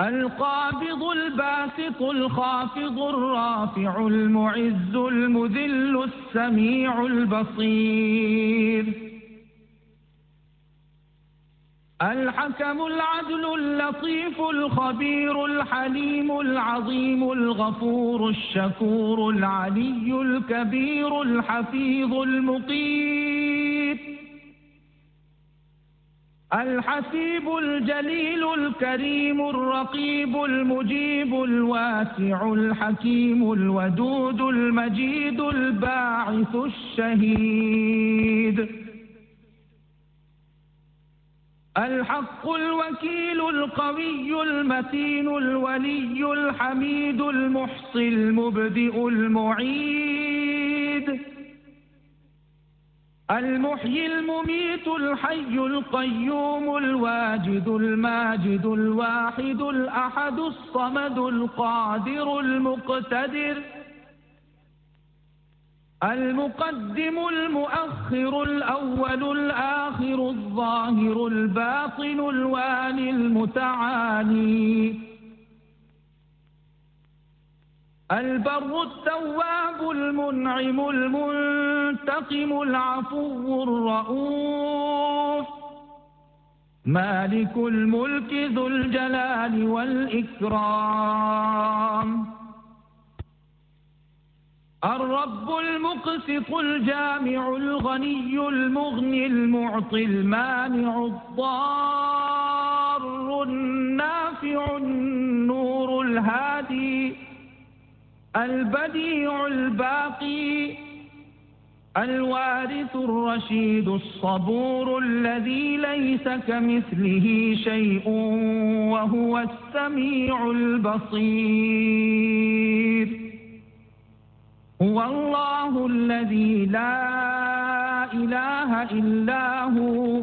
القابض الباسط الخافض الرافع المعز المذل السميع البصير الحكم العدل اللطيف الخبير الحليم العظيم الغفور الشكور العلي الكبير الحفيظ المقيت الحسيب الجليل الكريم الرقيب المجيب الواسع الحكيم الودود المجيد الباعث الشهيد الحق الوكيل القوي المتين الولي الحميد المحصي المبدئ المعيد المحيي المميت الحي القيوم الواجد الماجد الواحد الأحد الصمد القادر المقتدر المقدم المؤخر الأول الآخر الظاهر الباطن الواني المتعالي البر التواب المنعم المنتقم العفو الرؤوف مالك الملك ذو الجلال والإكرام الرب المقسط الجامع الغني المغني المعطي المانع الضار النافع النور الهادي البديع الباقي الوارث الرشيد الصبور الذي ليس كمثله شيء وهو السميع البصير هو الله الذي لا إله إلا هو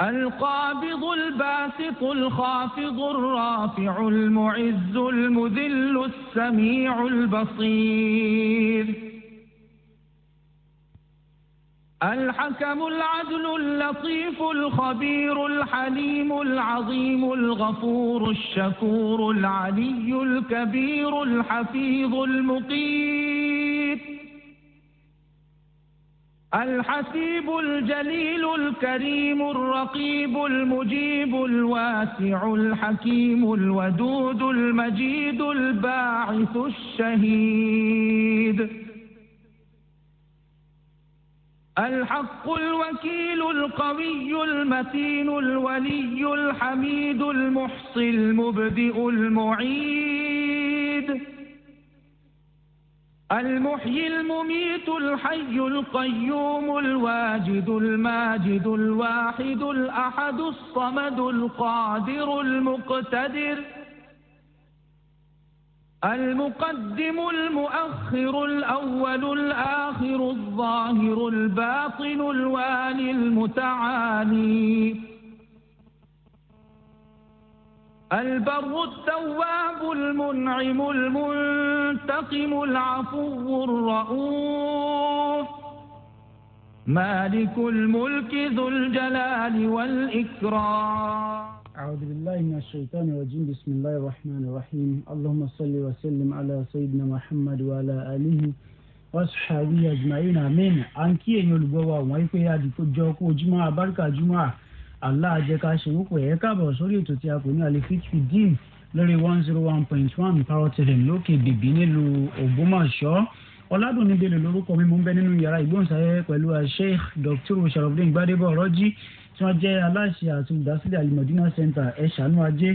القابض الباسط الخافض الرافع المعز المذل السميع البصير الحكم العدل اللطيف الخبير الحليم العظيم الغفور الشكور العلي الكبير الحفيظ المقيت الحسيب الجليل الكريم الرقيب المجيب الواسع الحكيم الودود المجيد الباعث الشهيد الحق الوكيل القوي المتين الولي الحميد المحصي المبدئ المعيد المحيي المميت الحي القيوم الواجد الماجد الواحد الأحد الصمد القادر المقتدر المقدم المؤخر الأول الآخر الظاهر الباطن الوالي المتعالي البر التواب المنعم المنتقم العفو الرؤوف مالك الملك ذو الجلال والإكرام أعوذ بالله من الشيطان الرجيم بسم الله الرحمن الرحيم اللهم صل وسلم على سيدنا محمد وعلى آله وصحبه أجمعين آمين أنكي أن olùgbọ́ ما يكون pé àdìpọ̀ jọ جمعة بركة جمعة allah ajẹ́ká ṣe ń pè é káàbọ̀ sórí ètò tí a kò ní alifitri dean lórí one zero one point one parrot fm lókè bèbí nílùú ògbómọ̀ṣọ́ ọ̀làdùnní délé lórúkọ mi mo ń bẹ nínú yàrá ìgbóhùnsáyẹ pẹ̀lú sheikh dr sharafdin gbadebo ọ̀rọ̀jì tí wọ́n jẹ́ aláṣẹ àti olùdásílẹ̀ alimọ̀dínà center ẹ̀ṣánú ajé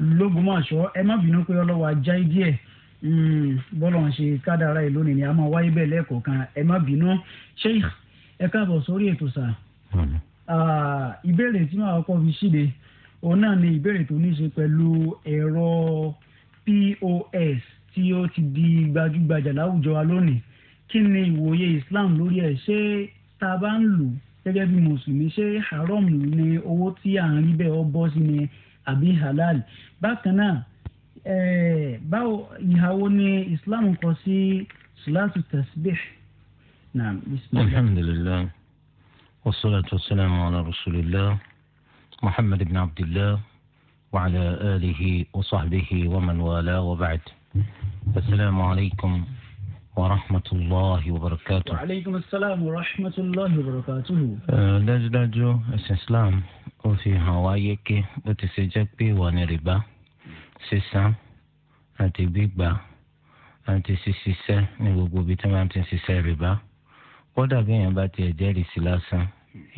lógbómọ̀ṣọ́ ẹ má bínú pé ọlọ́wọ́ ajá díẹ̀ hmm, bọ́lọ̀ ń ṣe kádàrá ìlú ni a máa wáyé bẹ́ẹ̀ lẹ́ẹ̀kọ̀ọ̀kan ẹ má bínú sheikh ẹ káàbọ̀ sórí ètò sáà ìbéèrè tí màá kọ́ fi ṣíde òun náà ni ìbéèrè tó ní ṣe pẹ̀lú ẹ̀rọ POS tí ó ti di gbajúgbajà láwùjọ wa lónìí kí ni ìwòye Islam lórí ẹ̀ ṣé tá a bá ń lò gẹ́gẹ́ bí mùsùlùmí ṣé haram ni owó tí à ń rí bẹ́ẹ̀ ọ bọ́ sí ni àbí halal bákan náà báwo ìhàwó ni Islam kọ sí sùlátù tasbih. naam bismillah. alhamdulilayi. والصلاة والسلام على رسول الله محمد بن عبد الله وعلى آله وصحبه ومن والاه وبعد السلام عليكم ورحمة الله وبركاته وعليكم السلام ورحمة الله وبركاته dájúdájú ẹ̀sìn Islam وفي هوايك وتسجد بي ké bó ti ṣe jẹ́ pé ìwọ ni rìbá sísan àti gbígbà kódà bí èèyàn bá tiẹ̀ jẹ́rìí sí lásán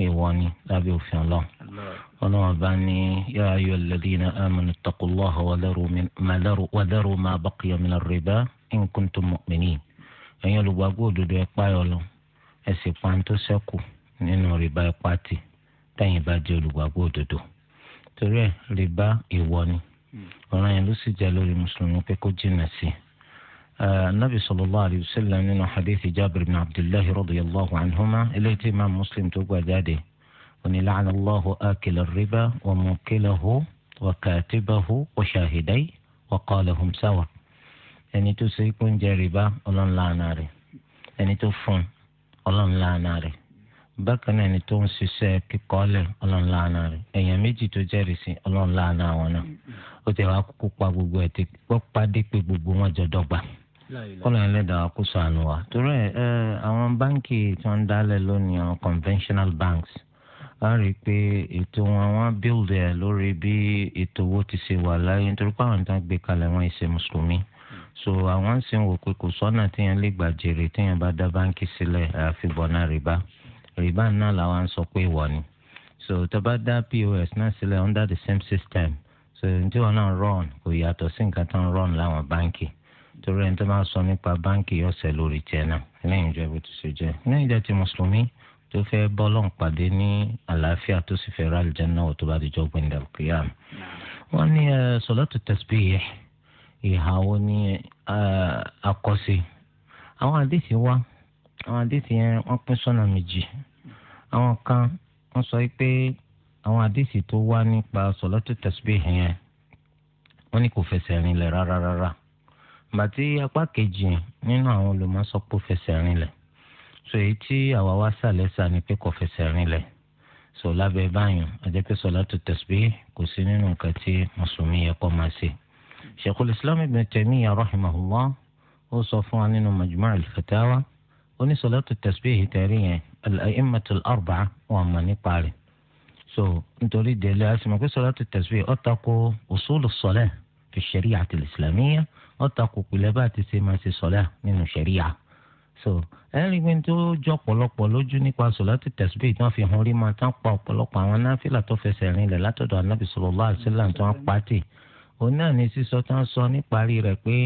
èèwọ̀ ni lábẹ́ òfin ọlọ́run ọlọ́run bá ní yā ayyuhalladhīna āmanū ittaqullāha wa dharū mā baqiya mina ribā in kuntum mu'minīn ẹ̀yin olùgbàgbọ́ òdodo ẹ páyà Ọlọ́run ẹ sì pa nínú rìbá ipá tì tẹ̀yin bá jẹ́ olùgbàgbọ́ òdodo torí ẹ̀ rìbá èèwọ̀ ni ọ̀ràn yẹn ló sì jẹ́ lórí mùsùlùmí pé kó jìnnà sí i النبي صلى الله عليه وسلم من حديث جابر بن عبد الله رضي الله عنهما التي إمام مسلم تقوى جاده وني لعن الله آكل الربا وموكله وكاتبه وشاهديه وقال هم سوا ẹni tó ṣe kó ń jẹ rìbá ọlọ́run láàánà rẹ̀ ẹni tó fún ọlọ́run láàánà rẹ̀ bákan náà ẹni tó ń ṣiṣẹ́ kíkọ́lẹ̀ ọlọ́run láàánà rẹ̀ èèyàn méjì tó jẹ́rìí sí ọlọ́run láàánà àwọn náà ó ti wá kópa gbogbo ẹ̀ tí wọ́n pàdé pé gbogbo wọn jọ dọ́gba kọ́lọ̀ yẹn lẹ́dàá kó sànù wa torí ẹ àwọn báǹkì tí wọ́n ń lónìí àwọn conventional banks a rí i pé ètò wọn wọn build ẹ lórí bí ètò owó ti ṣe wà láyé nítorí pé àwọn ìtàn gbé kalẹ̀ wọn ìṣe mùsùlùmí so àwọn ń sìn wò pé kò sọ́nà téèyàn lè gbà jèrè téèyàn bá dá báǹkì sílẹ̀ àfi bọ̀nà rìbá rìbá náà làwọn ń sọ pé ìwọ ni so tó bá dá pos náà sílẹ̀ under the same system so ní tí wọn náà run kò yàtọ̀ sí nǹkan tó ń run láwọn báǹkì torí ẹni tó bá sọ nípa báǹkì ọ̀sẹ̀ lórí tiẹ̀ náà lẹ́yìn ìjọ ìbò tó ṣe jẹ́ lẹ́yìn ìjọ ti mùsùlùmí tó fẹ́ bọ́lọ́n pàdé ní àlàáfíà tó sì fẹ́ ra àlùjánnà wọ̀ tó bá di jọ́gbìn ìdàkúyàm. wọ́n ní sọ̀látù tasbih ìhà wo ni àkọ́sí àwọn àdìsí wa àwọn àdìsí yẹn wọ́n pín sọ́nà méjì àwọn kan wọ́n sọ pé àwọn àdìsí tó wá nípa sọ̀látù tasbih yẹn wọ́n ní kò fẹsẹ̀ rinlẹ̀ rárá rárá gbàtí apá kejì nínú àwọn olùmọ̀sọ́pọ̀ fẹsẹ̀ rinlẹ̀ so èyí tí àwa wá sàlẹ̀ sà ni pé kò fẹsẹ̀ rinlẹ̀ so lábẹ́ báyìí àjẹpẹ́ sọ̀látù tasbih kò sí nínú nǹkan tí mùsùlùmí yẹ kó máa ṣe. Sheikhul Islam Ibn Taymiyyah rahimahullah ó sọ fún wa nínú Majmu' al ó ní sọ̀látù tasbih tẹ̀rí yẹn al-a'immatul arba'a mọ̀ nípa rẹ̀ so nítorí délé àti mọ̀ pé sọ̀látù tasbih ó tako usulus salah fi shari'ati al-islamiyyah ọ̀tà kòpìlẹ̀ bá ti ṣe máa ṣe sọ̀lá nínú ṣẹ̀ríà so ẹ̀rí pé tó jọ ọ̀pọ̀lọpọ̀ lójú nípa sọ̀lá ti tẹ̀síbí tí wọ́n fi hàn rí máa tán pa ọ̀pọ̀lọpọ̀ àwọn náfìlà tó fẹsẹ̀ rinlẹ̀ látọ̀dọ̀ anábì sallallahu alaihi wasallam tó ń pàtì òun náà ní sísọ tán sọ níparí rẹ̀ pé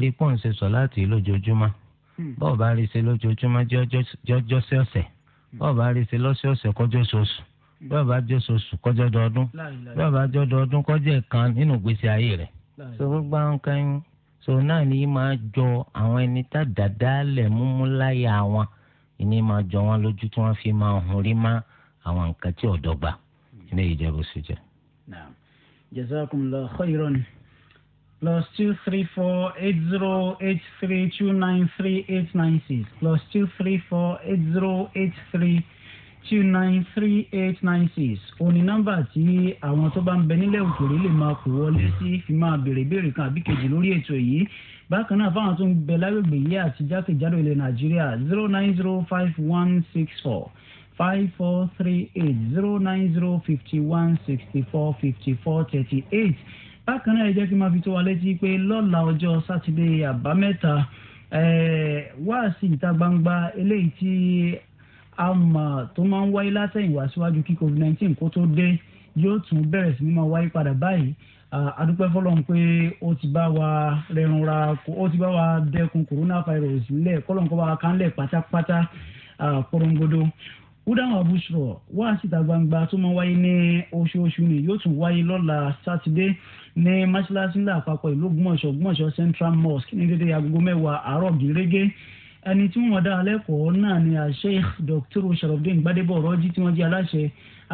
rí pọ́n ń ṣe sọ̀lá tì í lójoojúmọ́ hmm. bọ́ọ̀ bá rí ṣe lójoojúmọ́ jọ́jọ́ sí ọ̀sẹ̀ hmm. bọ́ọ̀ bá rí ṣe lọ́sọ̀ọ̀sẹ̀ kọjọ́ sọ̀sù hmm. bọ́ọ̀ bá jọ́ sọ̀sù kọjọ́ dọọdún bọ́ọ̀ bá jọ́ dọọdún kọjọ́ ẹ̀kan nínú ìgbésí ayé rẹ̀. sọ gbogbo àwọn kan so náà ni máa jọ àwọn ẹni tá dáadáa lẹ̀ múmú láyà wọn ìní máa jọ wọn lójú tí wọ́n fi máa hùn rí má àwọn nǹkan tí ò dọ́gba ilé ìjẹ́bù sí jẹ. jazakumullahu khairan plus two three four eight zero eight three two nine three eight nine six plus two three four eight zero eight three two nine three eight nine six òní nọ́mbà tí àwọn tó bá ń bẹ nílẹ̀ òkèèrè lè máa kó wọlé sí fi máa béèrè béèrè kan àbí kejì lórí ètò yìí bákan náà fáwọn tó ń bẹ lágbègbè yìí àti jákèjádò ilẹ̀ nàìjíríà zero nine zero five one six four five four three eight zero nine zero fifty one sixty four fifty four thirty eight bákan náà ẹ jẹ́ kí n máa fi tó wa létí pé lọ́la ọjọ́ sátidé àbámẹ́ta wáàsí ìta gbangba eléyìí tí àmọ́ tó máa ń wáyé látẹ̀yìnwá síwájú kí covid nineteen kó tó dé yóò tún bẹ̀rẹ̀ sí ní máa wáyé padà báyìí adúpẹ́ fọlọ́n pé ó ti bá wa rẹrunra ó ti bá wa dẹkun coronavirus ńlẹ̀ kọ́lọ́n kọ́ bá wa kánlẹ̀ pátápátá porongodo húdáwọn abúṣọ wá síta gbangba tó máa wáyé ní oṣooṣù ni yóò tún wáyé lọ́la sátidé ní mọ́ṣáláṣí ńlá àpapọ̀ ìlú ògbómọ̀ṣọ́ ògbómọ̀ṣọ́ central mosque ní dédé agogo mẹ́wàá àárọ̀ gírégé ẹni tí wọ́n dá alẹ́kọ̀ọ́ náà ni Sheikh Dr. sharafdin gbadebo ọ̀rọ̀jì tí wọ́n jẹ́ aláṣẹ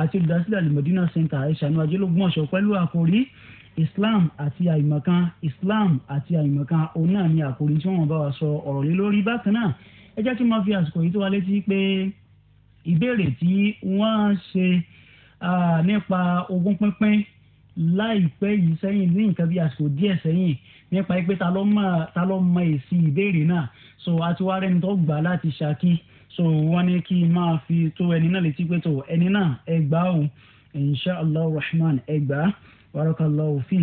àti olùdásílẹ̀ alimọ̀dínà center aishanu ajẹ́lógúnmọ̀ṣọ́ pẹ̀lú àkórí islam àti àìmọ̀kan islam àti àìmọ̀kan òun náà ni àkórí tí wọ́n bá wa sọ ọ̀rọ̀ lé lórí bákan náà ẹ jẹ́ kí n máa fi àsìkò yìí tó wa létí pé ìbéèrè tí wọ́n ṣe nípa ogún pínpín láìpẹ́ yìí sẹ́yìn ní nǹkan bí àsìkò díẹ̀ sẹ́yìn nípa pé ta ló mọ èsì ìbéèrè náà so àti wá rẹni tó gbà láti ṣákí so wọ́n ní kí n máa fi tó ẹni náà létí pé tó ẹni náà ẹ gbà ó insha allah rahman ẹ gbà barakallahu fi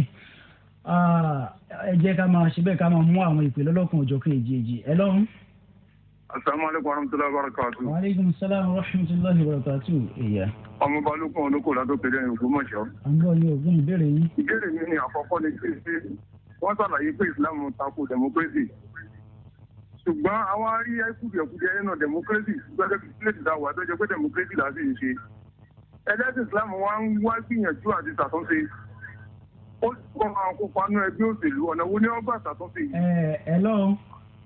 ah, ẹ jẹ́ ká máa ṣe bẹ́ẹ̀ ká máa mú àwọn ìpè lọ́lọ́kan òjọ̀kan èjì èjì ẹ lọ́rùn asalaamualeykum warahmatulahi wabarakatu. waaleykum salaam wa rahmatulahi wabarakatu. ìyá. ọmọ balùwẹ̀ olóko ládòkèrè ẹ̀yìn ògbómọ̀ṣọ́. àbúrò yóò gún ìbéèrè yìí. ìbéèrè mi ni àkọ́kọ́ ni pé wọ́n ṣàlàyé pé ìsìlámù tako democracy. ṣùgbọ́n àwọn arí kùdìẹ̀kùdìẹ̀ nínú democracy gbẹ́dẹ́ pílẹ̀tì dá wà lọ́jọ́ pé democracy là á sì ń ṣe. ẹlẹ́sìn ìsìlámù wa ń wá gbìyànjú àti ṣàtúnṣe ó ti kọ́ àwọn akópa nínú ẹgbẹ́ òṣèlú ọ̀nà wo ni wọ́n gbà ṣàtúnṣe yìí. ẹ ẹ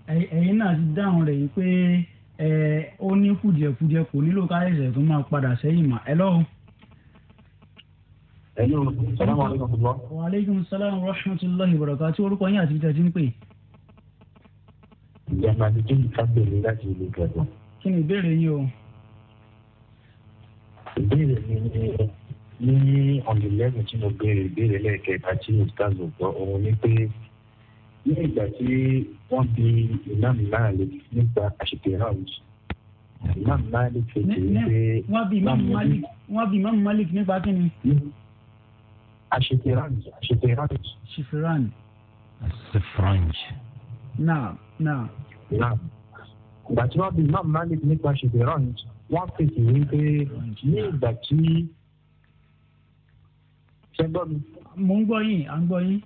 ẹ̀yin náà ti dáhùn rẹ̀ yìí pé ó ní kùjẹkùjẹ kò nílò ká ẹsẹ̀ tó máa padà sẹ́yìn mà ẹ lọ́wọ́. ẹ̀yin o sàlámù aleykum ṣùgbọ́n. wa aleykum salaam wa rahmatulahi wa barakatuh orúkọ yín àti ìtẹ̀sí ń pè. ìyàmà ti dé ìkábèrè láti ìlú ìgbàgbọ́. kí ni ìbéèrè yín o. ìbéèrè mi ni ní on the level tí mo béèrè ìbéèrè lẹ́ẹ̀kẹta tí mo gbọ́ òun ni pé ní ìgbà tí wọ́n fi Imam Malik nípa àṣìkè house Imam Malik fèjì pé wọ́n bí Imam Malik nípa kí ni. àṣìkè house àṣìkè house. sifran. sifran. naam naam. naam ìgbà tí wọ́n bí Imam Malik nípa àṣìkè house wọ́n fèjì wípé ní ìgbà tí. ṣé gbọ́ mi. mo ń gbọ́ yín à ń gbọ́ yín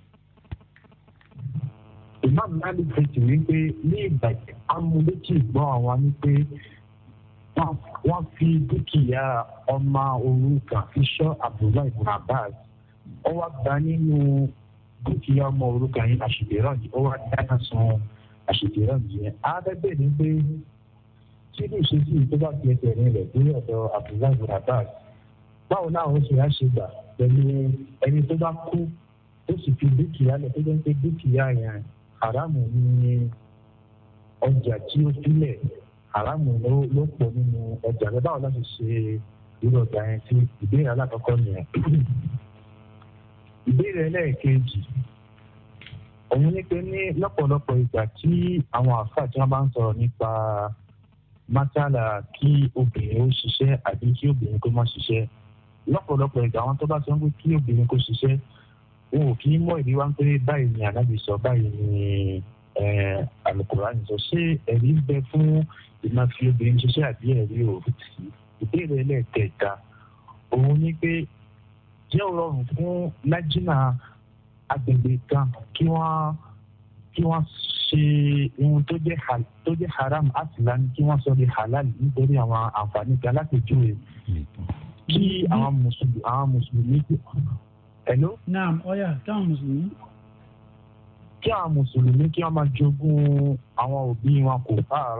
imam malik fèsì wípé ní ìbàdàn amúlétí ìgbọ́n àwa ni pé wọ́n fi dúkìá ọmọ òrukàn fi ṣọ́ abdullahi ibn abbas ó wá gba nínú dúkìá ọmọ òrukàn yìí àṣìbẹ̀rọ̀ yìí ó wá dáná sun àṣìbẹ̀rọ̀ yìí àádẹ́gbẹ̀ ni pé tí ní ìṣesí tó bá fi ẹsẹ̀ rìn rẹ̀ dé ọ̀dọ̀ abdullahi ibn abbas báwo láwọn oṣù yá ṣe gbà pẹ̀lú ẹni tó bá kú ó sì fi dúkìá lẹ̀ tó jẹ́ pé dúkìá yẹn haramu ni ọjà tí ó sílẹ̀ haramu ló pọ̀ nínú ọjà rẹ báwo láti ṣe irú ọjà yẹn sí ìbéèrè alákọ̀ọ́kọ́ nìyẹn. ìbéèrè ẹlẹ́ẹ̀kejì òun ní pé ní lọ́pọ̀lọpọ̀ ìgbà tí àwọn àfáà tí wọ́n bá ń sọ̀rọ̀ nípa mátàlá kí obìnrin ó ṣiṣẹ́ àbí kí obìnrin kó má ṣiṣẹ́ lọ́pọ̀lọpọ̀ ìgbà àwọn tó bá sọ pé kí obìnrin kó ṣiṣẹ́ n ò kí mọ ìdí wa ń pé báyìí ni ànábì sọ báyìí ni alukurani sọ ṣé ẹ̀rí ń bẹ fún ìmáfi obìnrin ṣiṣẹ́ àbí ẹ̀rí ò sí ìbéèrè ẹlẹ́ẹ̀kẹta òun ni pé jẹ́ rọrùn fún lájínà agbègbè kan kí wọ́n kí wọ́n ṣe ohun tó jẹ́ tó jẹ́ haram asilan kí wọ́n sọ di halal nítorí àwọn àǹfààní kan láti júwe hmm. kí àwọn mùsùlùmí àwọn mùsùlùmí Hello. Naam, ọ̀yà táwọn mùsùlùmí. Kí àwọn mùsùlùmí kí wọ́n máa jogún àwọn òbí wọn kò fà á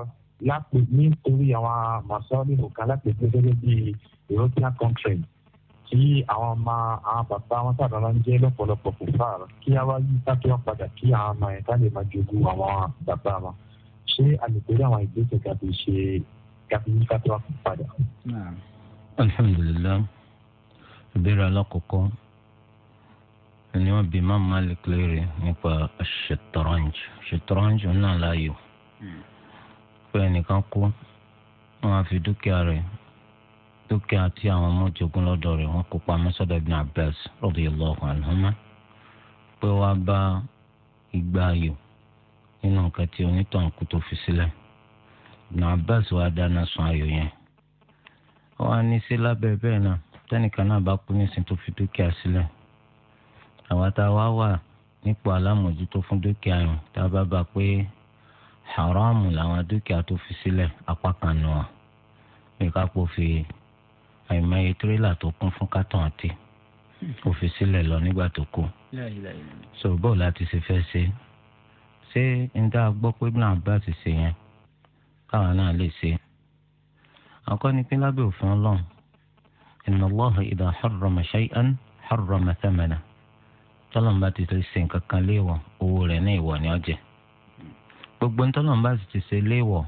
lápè nítorí àwọn màsọ́ọ́lì nìkan lápè tó gẹ́gẹ́ bí European country tí àwọn ọmọ àwọn bàbá wọn sábà máa ń jẹ́ lọ́pọ̀lọpọ̀ kò fà kí a wá yí sáké wọn padà kí àwọn ọmọ yẹn ká lè máa jogún àwọn bàbá wọn. Ṣé a lè torí àwọn ìgbésẹ̀ kàbí ṣe kàbí yí sáké wọn padà? Alhamdulilayi, ìbéèrè alákọ̀ọ́kọ́ ni wọ́n bi Imam Malik léèrè nípa ṣètọ́rọ́njì ṣètọ́rọ́njì náà láàyò hmm. pé ẹnìkan kú wọ́n á fi dúkìá rẹ̀ dúkìá tí àwọn ọmọ jogún lọ́dọ̀ rẹ̀ wọ́n kó pamọ́ sọ́dọ̀ Ibn Abbas radiyallahu anhuma pé wọ́n á bá igba ayò nínú nǹkan tí onítàn kú tó fi sílẹ̀ Ibn Abbas wàá dáná sun ayò yẹn wọ́n á ní sí lábẹ́ bẹ́ẹ̀ náà tẹ́nìkan náà bá kú nísìnyí tó fi dúkìá sílẹ̀ àwa tá a wá wà nípò alámòjútó fún dúkìá yẹn tá a bá bá pé haramu làwọn dúkìá tó fi sílẹ̀ apá kan nù ọ́ bí kápò fi àìmọye tírélà tó kún fún kátàn àti ó fi sílẹ̀ lọ nígbà tó kù. so láti ṣe fẹ́ ṣe ṣé n dá a gbọ́ pé náà bá ti ṣe yẹn káwọn náà lè ṣe. àkọ́ ni pé lábẹ́ òfin ọlọ́run inna Allaha idha harrama shay'an harrama tọ́lọ́mùbá ti ti ṣe nǹkan kan léèwọ̀ owó rẹ̀ ní ìwọ̀ ni ó jẹ gbogbo ntọ́lọ́mùbá sì ti ṣe léèwọ̀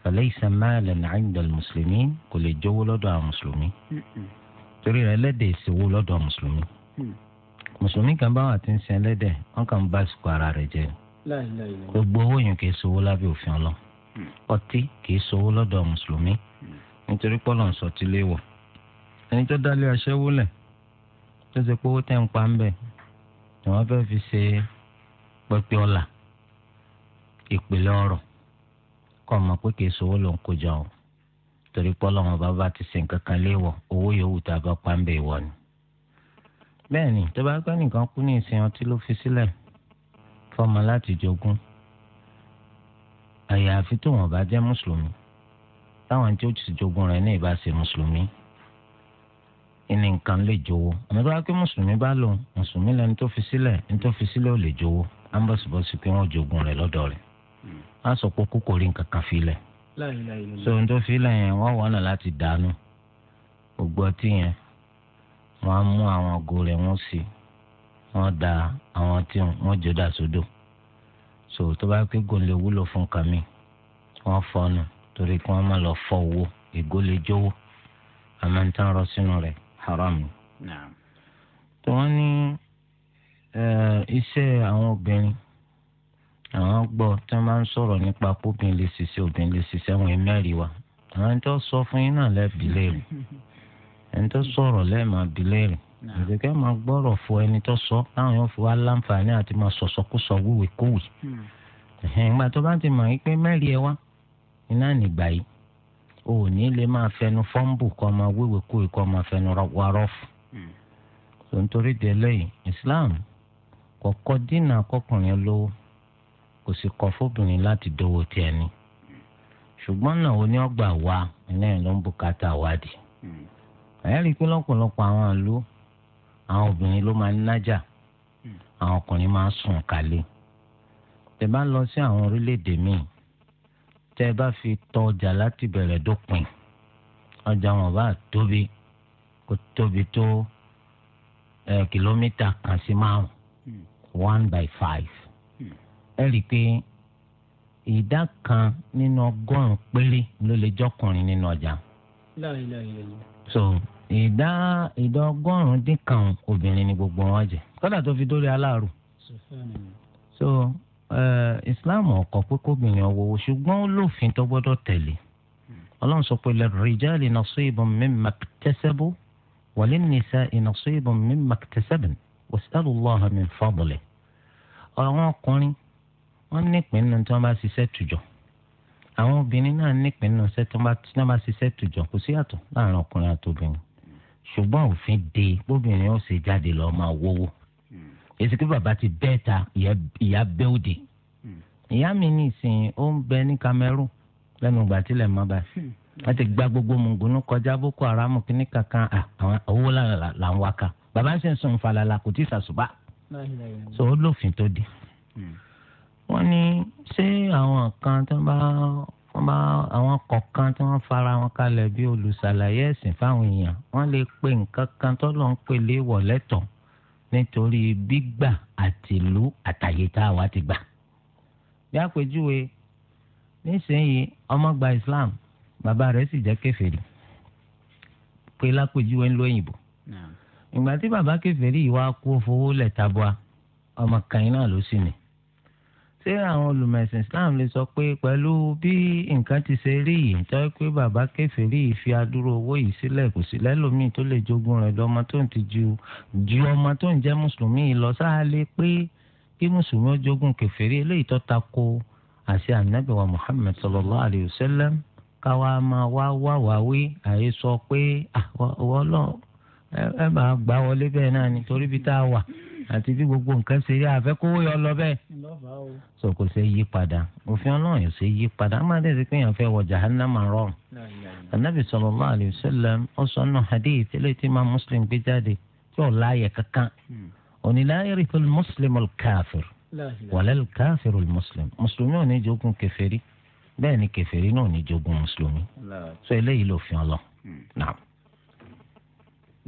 falaysa malan 'inda al-muslimin kò lè jówó lọ́dọ̀ àwọn mùsùlùmí torí rẹ̀ ẹlẹ́dẹ̀ ìṣòwò lọ́dọ̀ mùsùlùmí mùsùlùmí kan báwọn àti ń sin ẹlẹ́dẹ̀ wọn kàn ń bá sùkú ara rẹ̀ jẹ gbogbo owó yẹn kìí ṣòwò lábẹ́ òfin ọlọ́ ọtí kìí ṣòwò lọ́dọ̀ mùsùlùmí nítorí pọ́lọ́ ń sọtí léèwọ̀ ẹni tó dálé aṣẹ́wó lẹ̀ tó ṣe pé owó tẹ̀ ń pa ń bẹ̀ ni wọ́n fẹ́ẹ́ fi ṣe pẹpẹ ọlà ìpìlẹ̀ ọrọ̀ kọ mọ̀ pé kìí sọ owó ló ń kójọ o torí pọlọ wọn bá bá ti ṣe nǹkan kan léèwọ̀ owó yòówù tá a bá pa ń bẹ̀ ìwọ ni. bẹ́ẹ̀ ni tó bá gbẹ́ nìkan kú ní ìsìn ọtí ló fi sílẹ̀ fọmọ láti jogún àyàfi tó wọn bá jẹ́ mùsùlùmí táwọn tí ó ti jogún rẹ̀ ní ìbá mùsùlùmí ìní nǹkan lè jowó àmọ́ tó bá pé mùsùlùmí bá lò mùsùlùmí lẹni tó fi sílẹ̀ ní tó fi sílẹ̀ ò lè jowó á ń bọ̀sibọ̀sì pé wọ́n jogun rẹ̀ lọ́dọ̀ rẹ̀ hmm. á sọ pé kókò rí nǹkan kan filẹ̀ so ní tó filẹ̀ yẹn wọ́n wọ́n nà láti dànù gbogbo ọtí yẹn wọ́n á mú àwọn ago rẹ̀ wọ́n sí wọ́n da àwọn ọtí wọ́n jò dà sódò so tó bá pé gòn lè wúlò fún kàmí wọ́n fọ́nù torí kí wọ́n má lọ fọ́ owó ìgò lè jówó àmọ́ ní tán rọ sínú rẹ̀ haram ni. tó wọ́n ní iṣẹ́ àwọn obìnrin àwọn gbọ́ tí wọ́n máa ń sọ̀rọ̀ nípa pópin lè ṣiṣẹ́ obìnrin lè ṣiṣẹ́ wọn mẹ́rin wa àwọn tó sọ fún yín náà lẹ́ẹ̀bí léèrè ẹni tó sọ̀rọ̀ lẹ́ẹ̀mọ́ bí léèrè ìdèkẹ́ máa gbọ́rọ̀ fún ẹni tó sọ láwọn yóò fi wá láǹfààní àti máa sọ̀sọ̀kúsọ wíwèé kówì. Hmm. ìgbà tó bá ti mọ̀ yín pé mẹ́rin ẹ wá iná nìgbà yìí o ò ní lè máa fẹnu fọ́ǹbù kọ́ máa wéwèé kó ikọ́ máa fẹnu warọ́ fún. tó ń torí Islam kọ̀kọ́ dínà kọkùnrin lówó kò sì kọ́ fóbìnrin láti dówó tiẹ̀ ni. ṣùgbọ́n náà o ní ọgbà wa ẹlẹ́yìn ló ń bùkátà wádìí. àyẹ̀rí hmm. pé lọ́pọ̀lọpọ̀ àwọn àlú àwọn obìnrin ló máa ń nájà hmm. àwọn ọkùnrin máa ń sùn kálé. lọ sí àwọn orílẹ̀-èdè tẹ́ ẹ bá fi tọ ọjà láti bẹ̀rẹ̀ dópin ọjà wọn bá tóbi kó tóbi tó ẹ kìlómítà kan sí márùn hmm. one by five hmm. ẹ rí i pé ìdá kan nínú ọgọ́rùn-ún péré ló lè jọkùnrin nínú ọjà. so ìdá ìdá ọgọ́rùn-ún dín kan obìnrin ni gbogbo wọn jẹ kódà tó fi dórí aláàrù. so Eh, islam ọkọ pé kóbìnrin ọwọwọ ṣùgbọ́n ó lófin tó gbọ́dọ̀ tẹ̀lé Ọlọ́run sọ pé lirrijali nasibun mimma iktasabu walinnisa'i nasibun mimma iktasabna was'alullaha min fadlihi àwọn ọkùnrin wọ́n nípìn nínú tí wọ́n bá ṣiṣẹ́ tùjọ àwọn obìnrin náà nípìn nínú tí wọ́n bá ṣiṣẹ́ tùjọ kò sí yàtọ̀ láàrin ọkùnrin àti obìnrin ṣùgbọ́n òfin de bóbìnrin ó ṣe jáde lọ máa wówó èsì pé bàbá ti bẹ́ẹ̀ ta ìyá bẹ́ẹ̀ òde hmm. ìyá mi ní ìsìn ó ń bẹ ní Cameroon lẹ́nu ìgbà tí ilẹ̀ mọ́ báyìí hmm. wọ́n ti gba gbogbo mùngúnú kọjá boko haram kìíní kankan àwọn owó là ń wá ka bàbá ń sìn sùn falala kò tí ì sàṣùbà so ó lófin tó di. Hmm. wọ́n ní ṣé àwọn kan tó bá wọ́n bá àwọn kọ̀ọ̀kan tí wọ́n fara wọn kalẹ̀ bí olùsàlàyé ẹ̀sìn fáwọn èèyàn wọ́n lè pe nǹkan kan tó lọ́n pè léwọ̀ lẹ́tọ̀ọ́ nítorí gbígbà àtìlú àtàyè tá a wà ti gbà. bí àpèjúwe nísìnyí ọmọ gba Islam bàbá rẹ̀ sì jẹ́ kèfèrí pé lápèjúwe ń lo òyìnbó. ìgbà tí bàbá kèfèrí yìí wá kú fowó lẹ̀ tabua ọmọ kan iná ló sì ní ṣé àwọn olùmẹ̀sìn Islam lè sọ pé pẹ̀lú bí nǹkan ti ṣe rí yìí tó pé bàbá kèfèrí yìí fi adúrò owó yìí sílẹ̀ kò sí lẹ́lòmíì tó lè jogún rẹ̀ lọ́mọ tó ń ti ju ju ọmọ tó ń jẹ́ mùsùlùmí lọ sáálé pé kí mùsùlùmí ó jogún kèfèrí eléyìí tó ta àṣẹ ànábì wa Muhammad sallallahu alayhi wa sallam káwa máa wá wá wá wí àyè sọ pé àwọn ah, ọlọ́ọ̀ ẹ bá gbá wọlé bẹ́ẹ̀ náà nítorí bí tá a wà àti bí gbogbo nǹkan ṣe rí àfẹ́ kówó yọ lọ bẹ́ẹ̀. sọ kò ṣe yí padà òfin ọlọ́run yóò ṣe yí padà á máa dẹ́sẹ̀ pé èèyàn fẹ́ wọ jahannama rọrùn. anabi sallallahu alaihi wasallam ó sọ nù hadith eléyìí tí máa muslim gbé jáde tí ò láàyè kankan. òní hmm. la yarithul muslimul káfir walal káfirul muslim mùsùlùmí ò ní jogún kèfèrí bẹ́ẹ̀ ni kèfèrí náà ò ní jogún mùsùlùmí. sọ eléyìí lòfin ọlọ́run. Hmm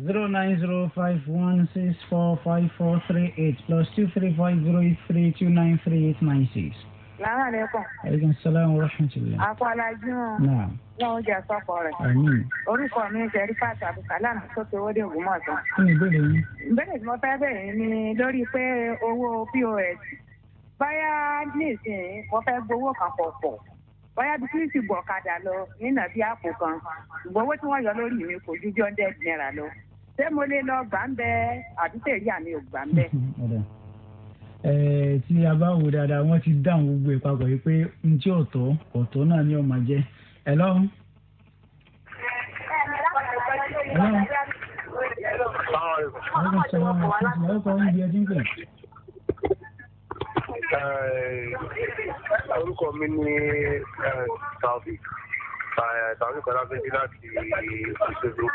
zero nine zero five one six four five four three eight plus two three five zero eight three two nine three eight nine six. Lára rẹ̀ kàn. Aleykum salaam wa rahmatulah. Akọ́lájú. Náà. Wọ́n oúnjẹ sọ́kọ rẹ̀. Àmín. Orúkọ mi ṣe rí pàṣẹ àbùkálà náà tó towó dé Ògbómọ̀tán. Kí ni ìbéèrè yín? Ìbéèrè tí mo fẹ́ bèrè ni lórí pé owó POS. Báyá nísìnyí, mo fẹ́ gbowó kan pọ̀ pọ̀ bóyá bisikíìtì gbọ̀kadà lọ nínà bí àpò kan ìgbowó tí wọ́n yọ lórí mi kò ju jọ́ndẹ́ẹ̀dì náírà lọ ṣé mo lè lọ gbà ń bẹ àbí tẹ̀lé àmì ò gbà ń bẹ. tí a bá wò dáadáa wọ́n ti dáhùn gbogbo ẹ̀ papọ̀ yìí pé n tí ọ̀tọ̀ ọ̀tọ̀ náà ni ọmọ jẹ́ ẹ lọ́hùn. Orúkọ mi ni Taofik Taofik Ọlábẹ́jì láti Ìṣèlú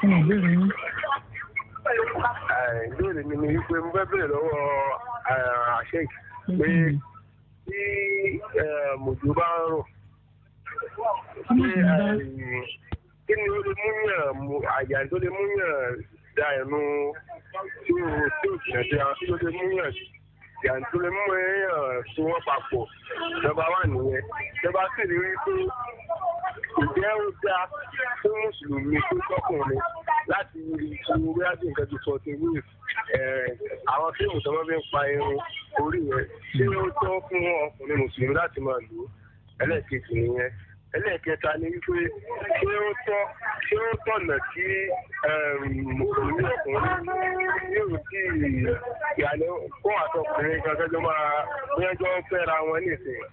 kí ni ìbéèrè yín. mi ni wípé mo fẹ́ béèrè lọ́wọ́ àṣẹ́yìn pé mm-hmm. tí mòjò bá ń rọ̀ kí ni ó lè mú yàn àyà tó lè mú yàn da ẹ̀nu tí ó tí ó jìnà sí àwọn tí lè mú yàn ìyànà tó lè mú èèyàn so wọ́n papọ̀ ìjọba wà nìyẹn ìjọba sì rí rí pé ìjẹ́ ó dáa fún mùsùlùmí tó tọkùnrin láti rí ju wíwájú nǹkan ju fourteen weeks àwọn fíìmù tó máa fi ń pa irun orí yẹn ṣé ó tọ́ fún ọkùnrin mùsùlùmí láti máa lò ó ẹlẹ́ẹ̀kejì nìyẹn ẹlẹ́ẹ̀kẹta ni wípé ṣé ó tọ́ ṣé ó tọ̀nà tí mùsùlùmí ọkùnrin yóò tí ìyàlẹ́ kó àtọkùnrin kankan jọ máa gbẹ́jọ́ fẹ́ra wọn nísìnyí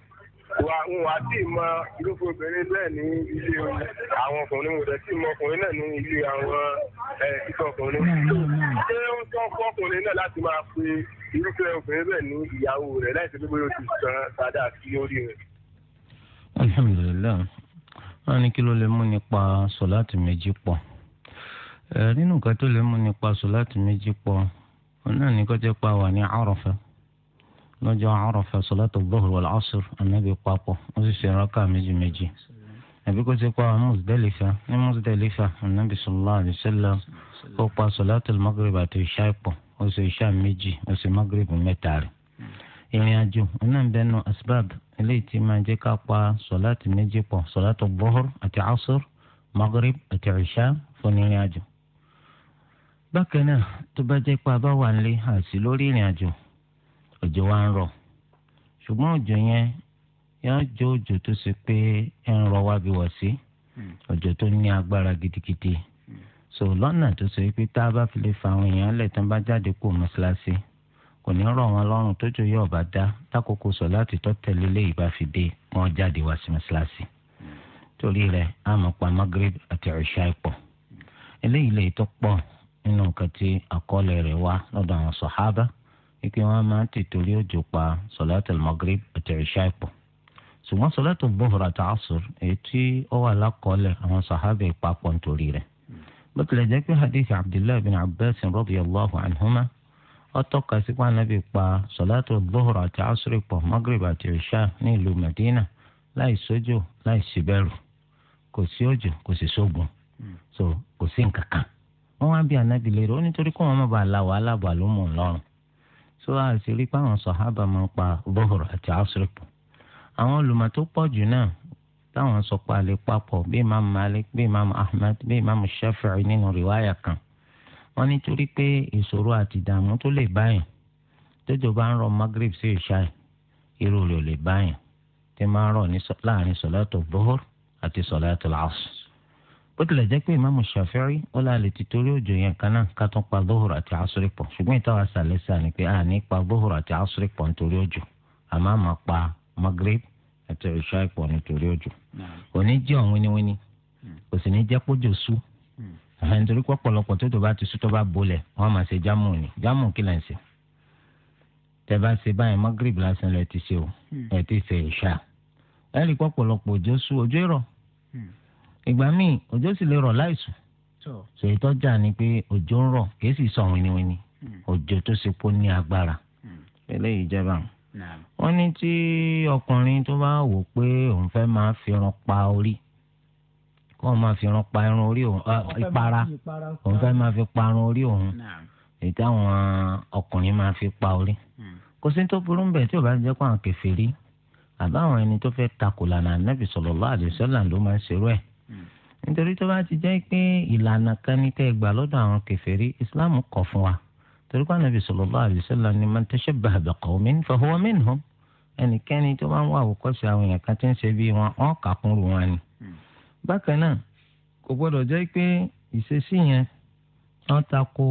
wa ń wá sí mọ irúfẹ́ obìnrin bẹ́ẹ̀ ní ilé àwọn ọkùnrin mo dẹ̀ sí mọ ọkùnrin náà ní ilé àwọn ìtọ́ ọkùnrin ṣé ó tọ́ fún ọkùnrin náà láti máa pe irúfẹ́ obìnrin bẹ́ẹ̀ ní ìyàwó rẹ̀ láìsí pé bóyá o ti sàn sádà sí orí rẹ̀ alhamdulilayi wọn ní kí ló lè mú nípa sọláàtì méjì pọ̀ ẹ nínú nǹkan tó lè mú nípa sọláàtì méjì pọ̀ wọn náà ní kọjá pa wà ní Àrafà lọ́jọ́ Àrafà sọláàtì dhuhr wal asr ànábì papọ̀ ó sì ṣe rákà méjì méjì àbí kó ti pa wà ní Muzdalifa ní Muzdalifa ànábì sallallahu alaihi wasallam ó pa sọláàtì magreb àti ìṣá pọ̀ ó sì ìṣá méjì ó sì magreb mẹ́ta rẹ̀ ìrìn àjò náà bẹ́ẹ̀ nù asbab eléyìí tí máa jẹ́ ká pa sọ̀láàtì méjì pọ̀ sọ̀láàtì bọ́hùr àti asur magrib àti ìṣá fún ìrìn àjò. bákan náà tó bá jẹ́ pé a bá wà nílé àti lórí ìrìn àjò òjò wa ń rọ̀ ṣùgbọ́n òjò yẹn yẹn jẹ́ òjò tó ṣe pé ẹ̀ ń rọ wá bí wọ̀ sí hmm. òjò tó ní agbára gidigidi hmm. so lọ́nà tó ṣe pé tá a bá fi lè fa àwọn èèyàn lẹ̀ tán bá jáde kó mọ́ṣáláṣí kò ní rọ̀ wọn lọ́rùn tójú yóò bá dá lákòókò sọ láti tọ́ tẹ̀lé léyìí bá fi dé wọn jáde wá sí mọ́ṣáláṣí torí rẹ̀ àmọ́ pa magrib àti ìṣá ìpọ̀ eléyìí lè tó pọ̀ nínú nǹkan tí àkọọ́lẹ̀ rẹ̀ wá lọ́dọ̀ àwọn sọ̀hábà wípé wọ́n máa ń tìtorí òjò pa sọ̀látàl magrib àti ìṣá ìpọ̀ ṣùgbọ́n sọ̀látàl bọ́hùrù àti asùr èyí tí ó wà lákọọ́lẹ̀ àwọn sọ̀hábà ìpapọ̀ nítorí rẹ̀ bó tilẹ̀ jẹ́ pé hadith abdullahi bin abbas radiyallahu anhuma ọtọ sípò anabi pa sọ̀látò dọ́hùrọ̀ àti asiripo pọ̀ ati àti ìṣá ní ìlú medina láì sójò láì síbẹ̀rù kò sí òjò kò sí sógun so kò sí nǹkan kan anabi wá bí ànábì lérò ó nítorí kó so a sì àwọn sọ̀hábà máa ń pa àti àwọn tó ahmed bí imam shafi'i nínú rìwáyà kan wọ́n nítorí pé ìṣòro àti ìdààmú tó lè báyàn tẹ́jọ́ bá ń rọ magrib sí ìṣá irú rẹ̀ ò lè báyàn tí máa ń rọ láàrin sọ̀látò bọ́ọ̀rù àti sọ̀látò làásù. ó tilẹ̀ jẹ́ pé ìmáàmù Ṣàfi'í ó lá lè ti torí òjò yẹn kan náà ká tún pa bọ́ọ̀rù àti àṣírí pọ̀ ṣùgbọ́n ìtawà sàlẹ̀ sà ni pé a ní pa bọ́ọ̀rù àti àṣírí pọ̀ nítorí òjò àmọ́ àmọ́ pa magrib àti ìṣá ìpọ̀ nítorí òjò. kò jẹ́ òun wíníwíní kò sì ní jẹ́ kójò sùn nítorí pọ̀pọ̀lọpọ̀ tó tó bá ti sùn tó bá bolẹ̀ wọ́n máa ṣe jámù ni jámù kí lẹ́ ń ṣe tẹ́ bá ṣe báyìí magrib lásán lẹ́ ti ṣe o hmm. ẹ̀ ti ṣe ìṣá ẹ̀ rí pọ̀pọ̀lọpọ̀ òjò sú ojú ìrọ̀ hmm. ìgbà míì òjò sì lè rọ̀ láìsùn ṣèyí tọ́jà ni pé òjò ń rọ̀ kìí sì sọ winiwini hmm. òjò tó ṣe pọ̀ ní agbára eléyìí jẹba wọ́n ní tí ọkùnrin tó bá wò pé òun fẹ́ máa fi irun pa orí kó máa fi irun pa irun orí òun ìpara òun fẹ́ máa fi pa irun orí òun èyí táwọn ọkùnrin máa fi pa orí. Hmm. kò sí tó burú bẹ́ẹ̀ tí ò bá jẹ́ pé àwọn kèfèrí àbáwọn ẹni tó fẹ́ takò lànà ànábì sallallahu alaihi wasallam ló máa ń ṣerú ẹ̀. Hmm. nítorí tó bá ti jẹ́ pé ìlànà kan ní tẹ́ gbà lọ́dọ̀ àwọn kèfèrí islam kọ̀ fún wa torí pé ànábì sallallahu alaihi wasallam ni man tashabbaha bi qawmin fa huwa minhum ẹnikẹ́ni tó bá ń wà àwòkọ́ṣe àwọn èèyàn kan tí ń ṣe bí wọn ọ́n kàkúrú wọn ni. bákan náà kò gbọ́dọ̀ jẹ́ pé ìṣesí yẹn wọ́n ta ko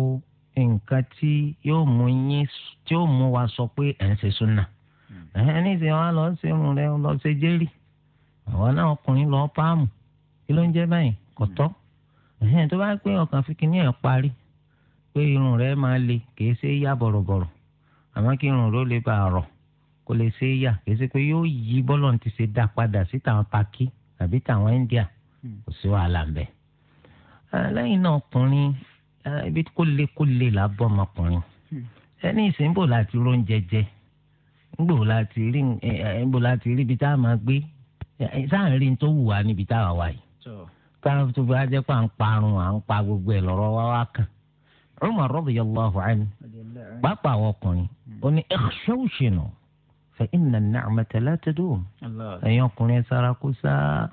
nǹkan tí yóò mú yín tí yóò mú wa sọ pé ẹ̀ ń ṣe súnà hmm. ẹni wa lọ ṣe irun rẹ lọ ṣe jẹ́rì àwọn náà ọkùnrin lọ páàmù kí ló ń jẹ́ báyìí hmm. tó bá le kìí ṣe yá bọ̀rọ̀bọ̀rọ̀ àmọ́ kí irun rẹ ó kó lè ṣe yá kìí ṣe pé yóò yí bọ́lọ̀ ti paki tàwọn India kò sí wàhálà ń bẹ. Ah, lẹ́yìn náà ọkùnrin ah, ibi kó lé kó lé là bọ́ ọmọkùnrin ẹni ìsìnbó láti róúnjẹ jẹ ńgbò láti rí ńgbò láti rí ibi tá a máa gbé sáà ń rí tó wù wá níbi tá a wà yìí táwọn tó bá jẹ́ pé à ń parun à ń pa gbogbo ẹ̀ lọ́rọ́ wá wá kàn. Umar radiyallahu anhu pápá àwọn ọkùnrin ó ní ikhshawshinu fa inna an-ni'mata la tadum ọkùnrin sára kó sáà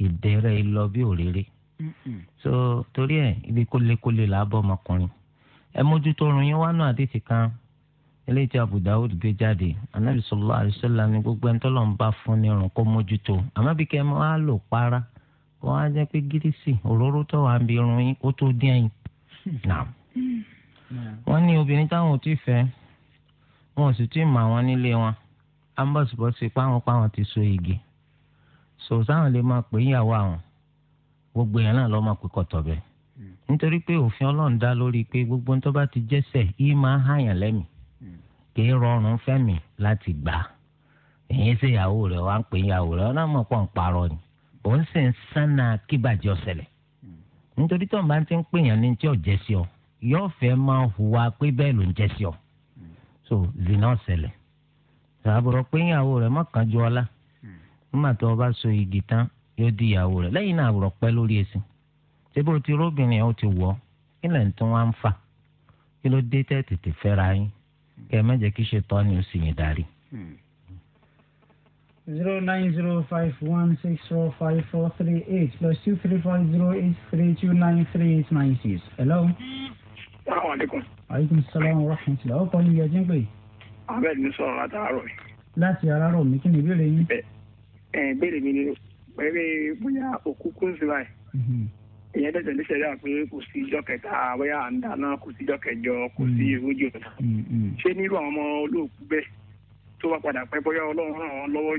ìdẹrẹ ìlọ bí òréré so torí ẹ ibi kólékólé là á bọ ọmọkùnrin ẹ mójútó oorun yín wá náà àdìsí kan eléyìí tí Abu Dawud gbé jáde anabi sallallahu alaihi wasallam ni gbogbo ẹni tọ́lọ̀ ń bá fún ní irun kó mójútó àmọ́ bí kẹ́mi lò para kó wá jẹ́ pé gírísì òróró tó wà ń bi irun yín ó tó dín ẹyin hmm. náà wọ́n ní obìnrin táwọn ò tí fẹ́ wọn ò sì tí ì mọ àwọn nílé wọn ambọ̀sibọ̀sì páwọn páwọn ti so igi. sòtáwọn lè máa pè é ìyàwó àwọn gbogbo yẹn náà lọ máa pè kọtọ bẹ nítorí pé òfin Ọlọ́run gbogbo bá ti yìí máa hàyàn lẹ́mìí rọrùn fẹ́mi láti gbà èyí rẹ wá ń pè ọ̀nà mọ̀ pọ̀ ń parọ́ ni òun sì ń sánà kíbàjẹ́ ọ̀sẹ̀lẹ̀ nítorí tó ń bá ti ń ní tí ò ọ yóò fẹ́ máa hùwà pé bẹ́ẹ̀ ló ń ọ so zina ọ̀sẹ̀lẹ̀ sàbùrọ̀ pé ọlá nígbà tó o bá so igi tán yóò di ìyàwó rẹ̀ lẹ́yìn náà àwòrán pẹ́ lórí ẹ̀sìn ṣé o ti róbìnrin ẹ̀ ó ti wọ̀ ọ́ kí lẹ̀ ń tún wá ń fà kí ló dé tẹ́ tètè fẹ́ra yín kẹ́ ẹ má jẹ́ kí ni ó sì yín darí. zero nine zero five one six four five four three eight plus two three five zero eight three two nine three eight nine six. hello. salaamaleykum. aleykum salaam wa rahmatulah. ọkọ ni yẹ jẹ́ pé. abẹ́ẹ̀dì ni sọ̀rọ̀ látàárọ̀ mi. láti àárọ̀ mi kí ni ìbéèrè yín. bẹ́ẹ̀ Eh, béèrè mi ni pẹ̀lú bóyá òkúkú ń sinmi báyìí mm-hmm. ìyẹn na ní sẹ́dá pé kò sí ijọ́ kẹta bóyá à ń dáná kò sí ijọ́ kẹjọ kò sí mm-hmm. ìrújò mm-hmm. ṣé nírú àwọn ọmọ olóòkú bẹ́ẹ̀ tó wá padà pẹ́ bóyá ọlọ́run ràn wọ́n lọ́wọ́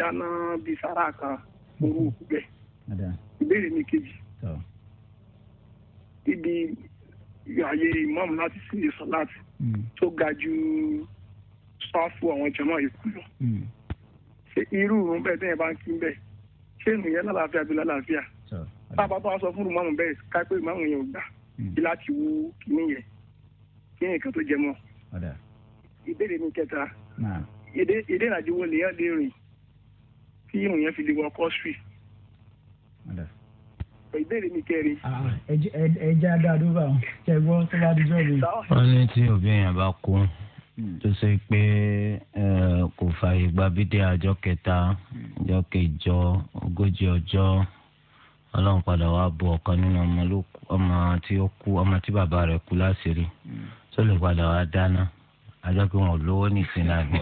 kan orú òkú bẹ́ẹ̀ ìbéèrè mi kejì ibi ààyè láti sí mm. tó ga ṣe irú òun bẹ́ẹ̀ tẹ́yìn bá ń kí bẹ́ẹ̀ ṣé ìrùn yẹn lálàáfíà bí lálàáfíà bàbá tó wá sọ fún ìmáàmù bẹ́ẹ̀ kápẹ́ ìmáàmù yẹn ò gbà kí láti wú kíní yẹn kí yẹn kan tó jẹ mọ́. ìbéèrè mi kẹta ìdè ìrìnàjò wo lèèyàn lè rìn tí ìrùn yẹn fi lè wọ kọ́sùrì. ìbéèrè mi kẹrin. ẹ jẹ́ àdáàdúrà ṣẹ́gbọ́n tó bá dijọ́ mi. wọ́n ní tí òbí yẹn bá kú tó ṣe pé kò fààyè gba bídé àjọ kẹta ọjọ́ kẹjọ ogójì ọjọ́ ọlọ́run padà wá bo ọ̀kan nínú ọmọ tí ó kú ọmọ tí bàbá rẹ̀ kú láṣìírí tó lè padà wá dáná àjọ pé wọn ò lówó nìsín náà ni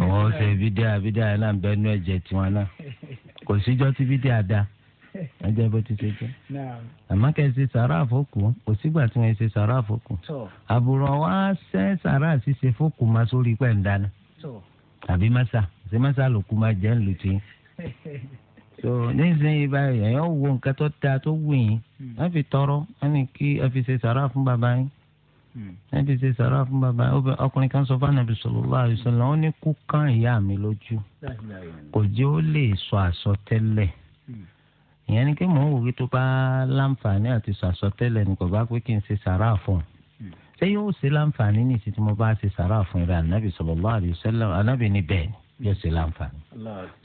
wọn ò ṣe bídé àbídé àyẹ̀nà bẹ́ẹ̀ nú ẹ̀jẹ̀ tiwọn náà kò síjọ́ tí bídé àdá ẹjẹ bó ti ṣe jẹ àmọ́ kẹ ṣe sàrà àfọkù kò sígbà tí wọn ṣe sàrà àfọkù àbùrọ wa ṣe sàrà ṣíṣe fọkù máa sórí pẹ ń dáná àbí masa ṣe masa lòkù máa jẹ ń lù tí so nísìnyí báyìí ẹ̀yàn wo nǹkan tó ta tó wù yín wọ́n hmm. fi tọrọ wọ́n ní kí ẹ fi ṣe sàrà fún bàbá yín hmm. ẹ fi ṣe sàrà fún bàbá yín ọkùnrin kan sọ fún àbí sọlọ́lá àbí sọlọ́lá ó ní kú kán ìyá mi lójú kò jẹ́ ó lè sọ àsọtẹ́lẹ̀. So, ìyẹn ni pé mò ń wòye tó bá láǹfààní àti sàsọtẹ́lẹ̀ ní kò bá pé kí n ṣe sàrà fún un ṣé yóò ṣe láǹfààní ní ìsìn tí mo bá ṣe sàrà fún ìrẹ ànábì sallallahu alaihi wasallam ànábì ní bẹ́ẹ̀ ni yóò ṣe láǹfààní.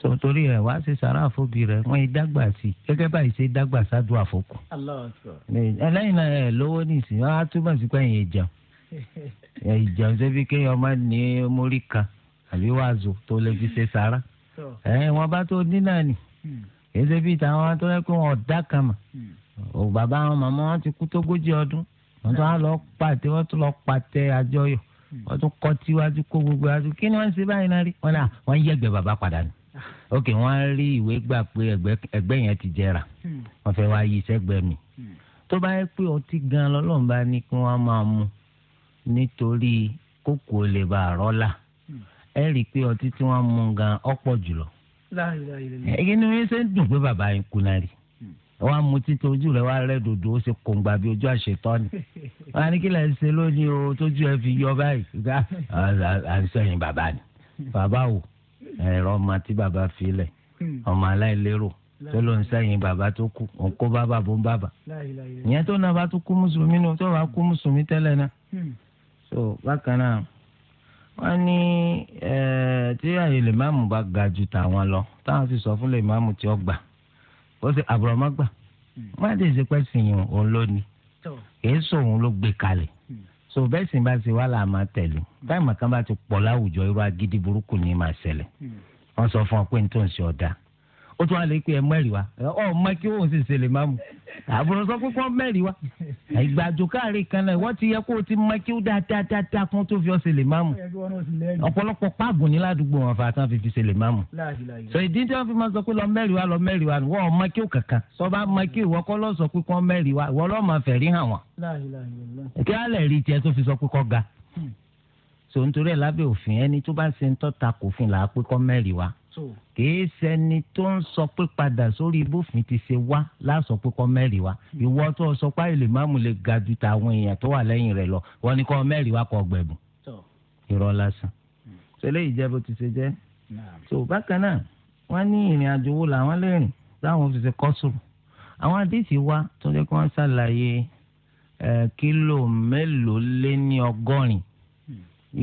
tó torí ẹ wá ṣe sàrà fóbi rẹ wọn ìdágbà sí gẹ́gẹ́ báyìí ṣe dágbà sádùn àfọkù. ẹlẹ́yìn náà ẹ lówó ní ìsìn wọn á túbọ̀ sí pé ẹ̀yìn ìjẹun ìjẹun ṣebí kéèyàn má ní mórí kan àbí kì í ṣe bíi tàwọn tó yẹ kó wọn ọ̀dà kan mà ò hmm. bàbá àwọn màmá wọn ti kú tó gójì ọdún wọn tó wá lọ pàtẹ wọn tó lọ pàtẹ àjọyọ̀ hmm. wọn tó kọ tiwájú kó gbogbo àti kí ni wọn ṣe báyìí náà rí wọn náà wọn yẹ ẹgbẹ́ bàbá padà nù ah. ok wọn rí ìwé gbà pé ẹgbẹ́ yẹn ti jẹrà hmm. wọn fẹ́ wá yí sẹ́gbẹ́ mi tó bá yẹ pé ọtí gan lọ́lọ́run bá ní kí wọn máa mu nítorí kókò lè bá rọlà ẹ rí i pé ọtí tí wọn mú gan ọ̀pọ̀ jùlọ ẹ̀yin ni wọ́n ṣe ń dùn pé bàbá yín kú náà rí hmm. wọ́n á mutí tó ojú rẹ̀ wá rẹ̀ dòdò ó ṣe kòǹgbà bí ojú àṣetọ́ ni wọ́n á ní kí lẹ̀ ń ṣe lónìí o tójú ẹ fi yọ báyìí ṣùgbọ́n à ń sẹ́yìn bàbá ni hmm. bàbá wò ẹ̀rọ ọmọ tí bàbá fi lẹ̀ hmm. ọmọ aláìlérò tó ló ń sẹ́yìn bàbá tó kú òun kó bá ń bàbá ìyẹn tó náà bá tó kú mùsùlùmí nù tó bá kú mùsùlùmí tẹ́lẹ̀ náà so bákan náà wọ́n ní tí àyè máàmù bá ga ju tàwọn lọ táwọn sì sọ fún lè máàmù tí ó gbà ó sì àbúrò má gbà má dé ṣe pẹ́ sìn yìí òun ló ní kì í sòun ló gbé kalẹ̀ hmm. so bẹ́ẹ̀ sì bá ṣe wá là máa tẹ̀lé hmm. táìmù kan bá ti pọ̀ láwùjọ irú agídí burúkú ni máa ṣẹlẹ̀ hmm. wọ́n sọ fún ọ pé n tó ń ṣe ọ̀dà ó tún wá lè pe ẹ mẹ́rìí wa ọ mọ kí òun sì ṣe lè má mu àbúrò sọ pé kọ́ mẹ́rìí wa ìgbàjò káàrí kan náà wọ́n ti yẹ kó o ti mọ kí ó dáadáa kún tó fi ọ ṣe lè má mu ọ̀pọ̀lọpọ̀ páàgùn ní ládùúgbò wọn fàtàn fi fi ṣe lè má mu sọ ìdí tí wọ́n fi máa sọ pé lọ mẹ́rìí wa lọ mẹ́rìí wa wọ́n mọ kí ó kankan sọ bá mọ kí ìwọ kọ́ lọ sọ pé kọ́ mẹ́rìí wa ìwọ lọ́ọ́ máa fẹ̀rí hàn wọ́n kí á lẹ̀ rí tiẹ̀ tó fi sọ pé kọ́ ga so nítorí ẹ̀ lábẹ́ òfin ẹni tó bá ń ṣe ń tọ́ta kò fin làá pé kọ́ mẹ́rìí wa kìí ṣẹni tó ń sọ pé padà sórí ibófin ti ṣe wá láàsọ pé kọ́ mẹ́rìí wá ìwọ tó sọ pé àìlè máàmù lè ga ju tàwọn èèyàn tó wà lẹ́yìn rẹ̀ lọ wọ́n ní kọ́ mẹ́rìí wá kọ́ gbẹ̀bùn irọ́ lásán ṣẹlẹ̀ hmm. ìjẹ́ bó ti ṣe jẹ́ tó bákan náà wọ́n ní ìrìn àjò wo làwọn lè láwọn fi ṣe kọ́sùrù àwọn àdìsí wa tó jẹ́ kí wọ́n ṣàlàyé kílò mélòó lé ní ọgọ́rin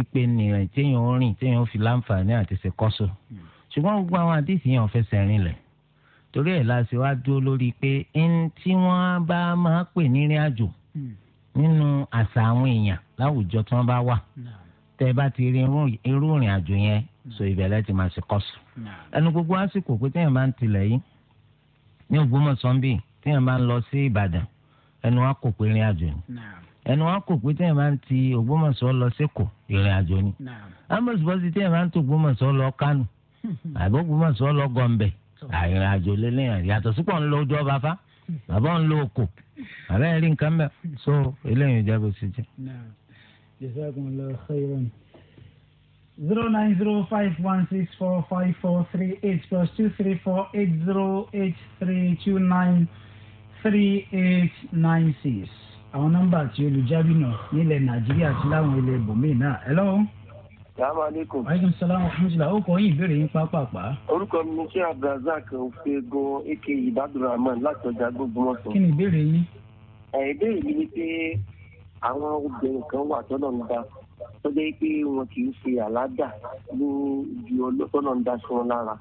ìpè hmm. nìyẹn téèyàn ó rìn téèyàn ó fi láǹfààní àti ṣe kọ́sùrù. Mm ṣùgbọ́n gbogbo àwọn àdìsí yẹn ò fẹsẹ̀ rinlẹ̀ torí ẹ̀ la ṣe wá dúró lórí pé ẹni tí wọ́n bá máa pè nírìn àjò hmm. nínú àṣà àwọn èèyàn láwùjọ tí wọ́n bá wà tẹ́ ẹ bá ti rí irú ìrìn àjò yẹn hmm. so ìbẹ̀lẹ̀ ti máa ṣe kọ́sù. ẹnu gbogbo àsìkò pé téèyàn bá ń tilẹ̀ yìí ní Ògbómọ̀ṣọ́ bíi téèyàn bá ń lọ sí Ìbàdàn ẹnu wa kò pé ìrìn àjò ni ẹnu wa kò pé téèyàn bá ń ti Ògbómọ̀ṣọ́ lọ sí Èkó ìrìn àjò ni ambrose bọ́sì téèyàn bá ń tó Ògbómọ̀ṣọ́ lọ Kánò àbógunmọ̀sọ́ lọ́gọ́n bẹ̀ àìrìn àjò lélẹ́yìn yàtọ̀ sípò ńlọ ojú ọba fa bàbá ń lo oko àbẹ́ ẹ̀rí nǹkan bẹ́ẹ̀ so eléyìí ìjà bó ṣe jẹ́. zero nine zero five one six four five four three eight plus two three four eight zero eight three two nine three eight nine six àwọn nọ́mbà tí olùjábí náà nílẹ̀ nàìjíríà ti láwọn ilẹ̀ ibòmíì náà hello. Assalamu alaikum. Wa alaikum salaam wa rahmatulah. Ó kọ yín ìbéèrè yín pápápá. Orúkọ mi ni Ṣé Abdulrasaq Ofegun Eke Ibadurahman láti ọjà Gbógbómọ̀ṣọ́. Kí ni ìbéèrè yín? Ìbéèrè mi ni pé àwọn obìnrin kan wà tọ́nà ń da tó jẹ́ pé wọn kì í ṣe àládà ní ibi ọlọ́tọ́nà ń da sí wọn lára.